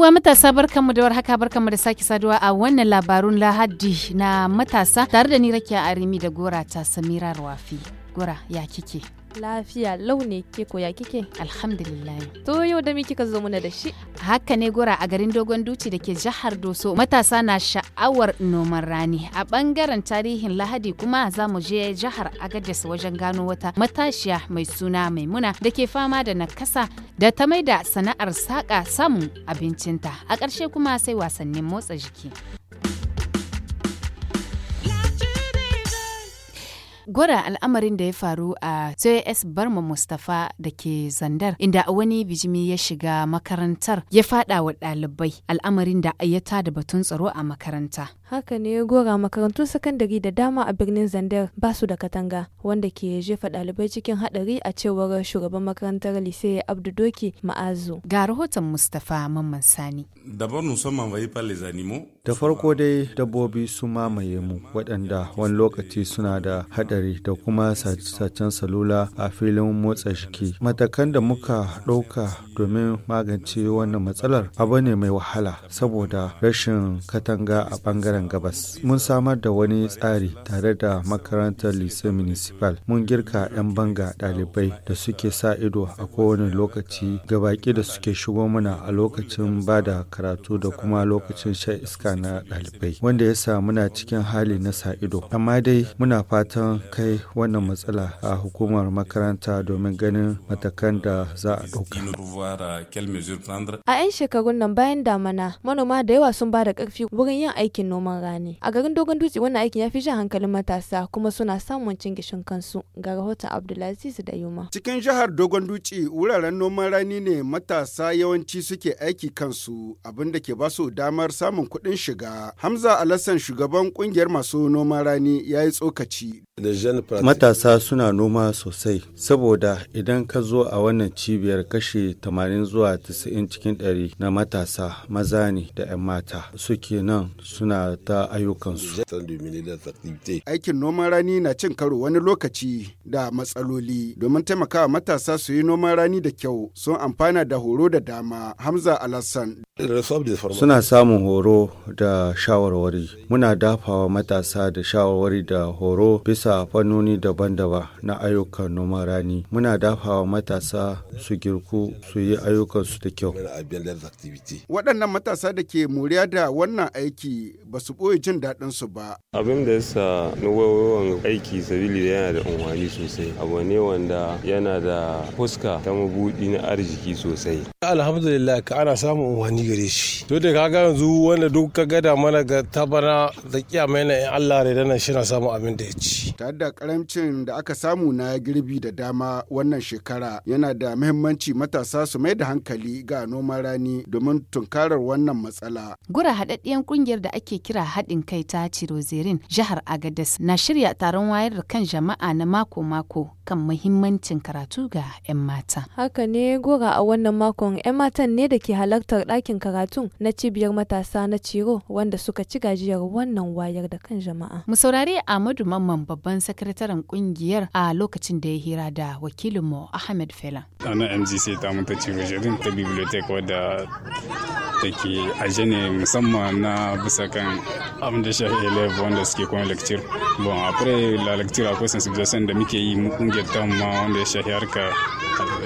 uwa matasa barkanmu da warhaka barkanmu da sake saduwa a wannan labarun lahadi na matasa tare da ni rakiya arimi da gora ta samira rawafi gora ya kike lafiya launi ke koya kike alhamdulillah to yau da mi kika zo muna da shi haka ne gora a garin dogon duci da ke jihar doso matasa na sha'awar noman rani a bangaren tarihin lahadi kuma za mu je jihar agadis wajen gano wata matashiya mai suna maimuna da ke fama da nakasa da ta mai da sana'ar saƙa samun abincinta a ƙarshe kuma sai wasannin motsa jiki gwada al'amarin da ya faru a JS Barma Mustafa da ke Zandar inda wani bijimi ya shiga makarantar ya fada wa ɗalibai al'amarin da ya da batun tsaro a makaranta. Haka ne gora makarantun sakandare da dama a birnin Zandar ba su da katanga wanda ke jefa ɗalibai cikin haɗari a cewar shugaban makarantar Lise Abdu Doki Ma'azu. Ga rahoton Mustafa Mamman Sani. Dabar Da farko dai dabbobi su mamaye mu waɗanda wani lokaci suna da haɗari da kuma sace-sacen salula a filin motsa jiki. Matakan da muka ɗauka domin magance wannan matsalar abu ne mai wahala saboda rashin katanga a ɓangaren gabas. Mun samar da wani tsari tare da makarantar Lise Municipal. Mun girka 'yan banga ɗalibai da suke sa ido a kowane lokaci ga baƙi da suke shigo mana a lokacin ba da karatu da kuma lokacin sha iska na ɗalibai wanda ya sa muna cikin hali na sa ido amma dai muna fatan kai wannan matsala a hukumar makaranta domin ganin matakan da za a ɗauka euh, a 'yan shekarun nan bayan damana manoma da yawa sun ba da ƙarfi wurin yin aikin noman rani a garin dogon dutse wannan aikin ya fi jan hankalin matasa kuma suna samun cin gishin kansu ga rahoton abdulaziz da yuma cikin jihar dogon dutse wuraren noman rani ne matasa yawanci suke aiki kansu abinda ke ba su damar samun kuɗin shiga. Hamza Alassan shugaban kungiyar masu noman rani ya yi tsokaci. Matasa suna noma sosai, saboda idan ka zo a wannan cibiyar kashe 80 zuwa 90 cikin 100 na matasa maza ne da 'yan mata suke nan suna ta ayyukansu. Aikin noman rani na cin karo wani lokaci da matsaloli domin taimakawa matasa su yi noman rani da kyau sun amfana da horo da dama Hamza Alassan. Suna samun horo da shawarwari. Muna dafawa matasa da shawarwari da horo bisa bisa fannoni daban-daban na ayyukan noma rani. Muna dafawa matasa su girku su yi ayyukansu da kyau. Waɗannan matasa da ke moriya da wannan aiki ba su ɓoye jin daɗin su ba. Abin da yasa ni aiki sabili da yana da unwani sosai. Abu ne wanda yana da fuska ta mabuɗi na arziki sosai. Alhamdulillah ka ana samun unwani gare shi. To da kaga yanzu wanda duk ka gada mana ga tabana da kiyama yana in Allah da dana shi na samun abin da ya ci. tare da karamcin da aka samu na girbi da dama wannan shekara yana da muhimmanci matasa su mai da hankali ga noman rani domin tunkarar wannan matsala. Gura haɗaɗɗiyar ƙungiyar da ake kira haɗin kai ta Cirozerin jihar Agadez na shirya taron wayar da kan jama'a na mako-mako kan muhimmancin karatu ga 'yan mata. Haka ne gora a wannan makon 'yan matan ne da ke halartar ɗakin karatun na cibiyar matasa na Ciro wanda suka ci gajiyar wannan wayar da kan jama'a. Mu saurari Ahmadu Mamman babban babban sakataren kungiyar a lokacin da ya hira da wakilin mu Ahmed Fela. Ana MGC ta mutu cirojirin ta bibliotek wadda take aje ne musamman na bisa kan abin da shafi elef wanda suke kuma lecture. Bon, après la lecture akwai sensibilisation da muke yi mu kungiyar ta ma wanda ya shafi harka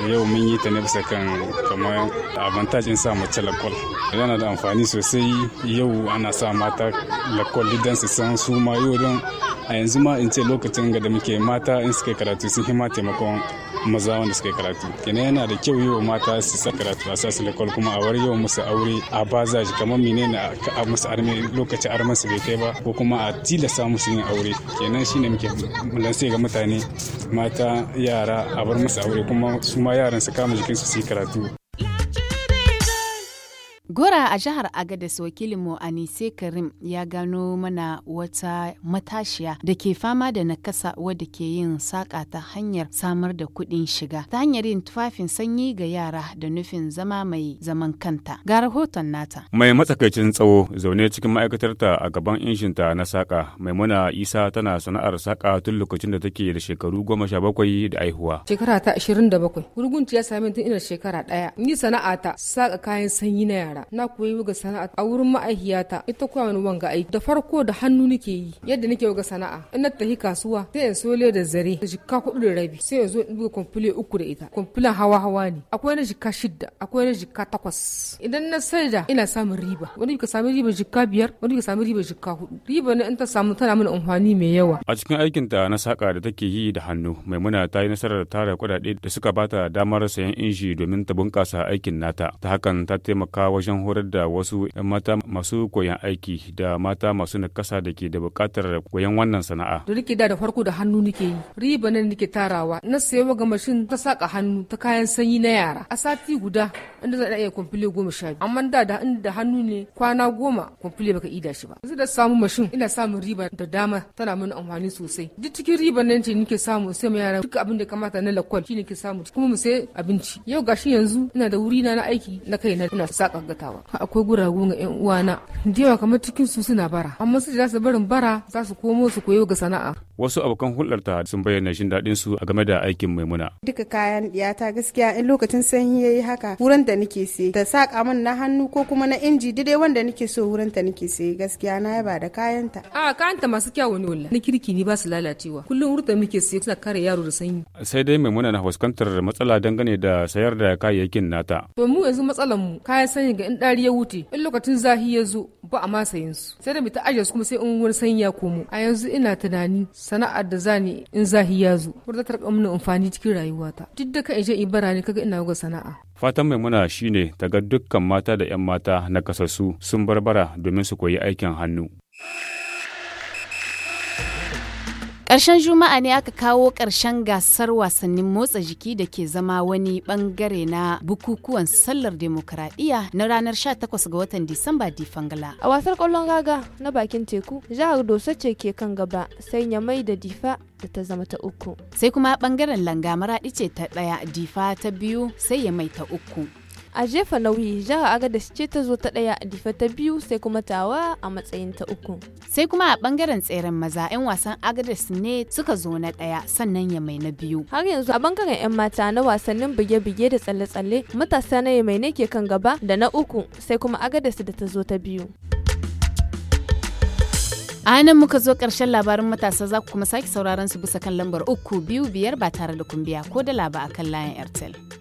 yau mun yi ta ne bisa kan kamar avantajin sa mace lakol yana da amfani sosai yau ana sa mata lakol don su san su ma yau don a yanzu ma in ce lokacin ga da muke mata in suka karatu sun hima taimakon maza wanda suka karatu kenan yana da kyau yi wa mata su sa karatu a sasu lakol kuma a wari yawan musu aure a baza shi kamar ne a musu arme lokacin arman su bai kai ba ko kuma a tilasta musu yin aure kenan shine muke lansai ga mutane mata yara a bar musu aure kuma su ma yaran su kama jikinsu su yi karatu Gora a jihar Agadez wakilinmu Anise Karim ya gano mana wata matashiya da ke fama da nakasa wadda ke yin saƙa ta hanyar samar da kuɗin shiga ta hanyar yin tufafin sanyi ga yara da nufin zama mai zaman kanta. Ga rahoton nata. Mai matsakaicin tsawo zaune cikin ma'aikatarta a gaban inshinta na saƙa Maimuna Isa tana sana'ar saƙa tun lokacin da take da shekaru goma sha bakwai da aihuwa. Shekara ta ashirin da bakwai. Gurgunci ya same tun ina shekara ɗaya. Ni sana'ata saƙa kayan sanyi na yara. na koyi wuga sana'a a wurin ma'aikiyata ita kuwa wani wanga aiki da farko da hannu nake yi yadda nake wuga sana'a ina tafi kasuwa sai in sole da zare da jikka kuɗi da rabi sai in zo in buga kwamfule uku da ita kwamfulan hawa hawa ne akwai na jikka shidda akwai na jikka takwas idan na saida ina samun riba wani ka samu riba jikka biyar wani ka samu riba jikka hudu riba na in ta samu tana mana amfani mai yawa a cikin aikinta na saka da take yi da hannu maimuna ta yi nasarar tara kuɗaɗe da suka bata damar sayan inji domin ta bunƙasa aikin nata ta hakan ta taimaka wajen horar da wasu mata masu koyan aiki da mata masu nakasa da ke da buƙatar koyan wannan sana'a. Da nake da da farko da hannu nake yi. Riba ne nake tarawa. Na sayo ga mashin ta saka hannu ta kayan sanyi na yara. A sati guda inda zan iya kwamfile goma sha biyu. Amma da da inda hannu ne kwana goma kwamfile baka ida shi ba. Yanzu da samu mashin ina samun riba da dama tana mun amfani sosai. Duk cikin riba nan ce nake samu sai mu yara duk abin da kamata na lakwal shi nake samu kuma mu sai abinci. Yau gashi yanzu ina da wuri na na aiki na kai na ina saka akwai guragu ga yan uwana da yawa kamar cikin su suna bara amma su da su barin bara za su komo su koyo ga sana'a wasu abokan hulɗarta sun bayyana shin daɗin su a game da aikin maimuna. Duka kayan ɗiyata gaskiya in lokacin sanyi yayi haka wurin da nake sai da saƙa min na hannu ko kuma na inji dai wanda nake so wurin ta nake sai gaskiya na yaba da kayanta. A kayanta masu kyau ne wallahi. Ni kirki ne ba su lalacewa. Kullum wurin da muke sai suna kare yaro da sanyi. Sai dai maimuna na fuskantar matsala dangane da sayar da kayayyakin nata. To mu yanzu matsalar mu kayan sanyi ga in ɗari ya wuce in lokacin zahi ya zo ko a ma su sai da mita ta su kuma sai in wani sanyi ya komo a yanzu ina tunani sana'ar da zani in zahi ya zo wadda ta mun amfani cikin rayuwata duk da ka in je in bara ne kaga ina ga sana'a fatan maimuna shine ta ga dukkan mata da 'yan mata na kasassu sun barbara domin su koyi aikin hannu. karshen Juma'a ne aka kawo ƙarshen gasar wasannin motsa jiki da ke zama wani bangare na bukukuwan sallar demokuraɗiyya na ranar 18 ga watan Disamba Difangala. A wasar kwallon raga na bakin teku, jihar Dosa ce ke kan gaba sai ya da Difa da ta zama ta uku. Sai kuma bangaren langa maraɗi ce ta ɗaya, Difa ta biyu sai ya mai ta uku. a jefa nauyi jihar agadas ce ta zo ta ɗaya difa ta biyu sai kuma tawa a matsayin ta uku sai kuma a bangaren tseren maza 'yan wasan agadas ne suka zo na daya sannan ya mai na biyu har yanzu a bangaren 'yan mata na wasannin bige-bige da tsalle-tsalle matasa na mai ne ke kan gaba da na uku sai kuma agadas da ta zo ta biyu A nan muka zo karshen labarin matasa za ku kuma sake sauraron su bisa kan lambar uku biyu biyar ba tare da kumbiya ko da laba a kan layin Airtel.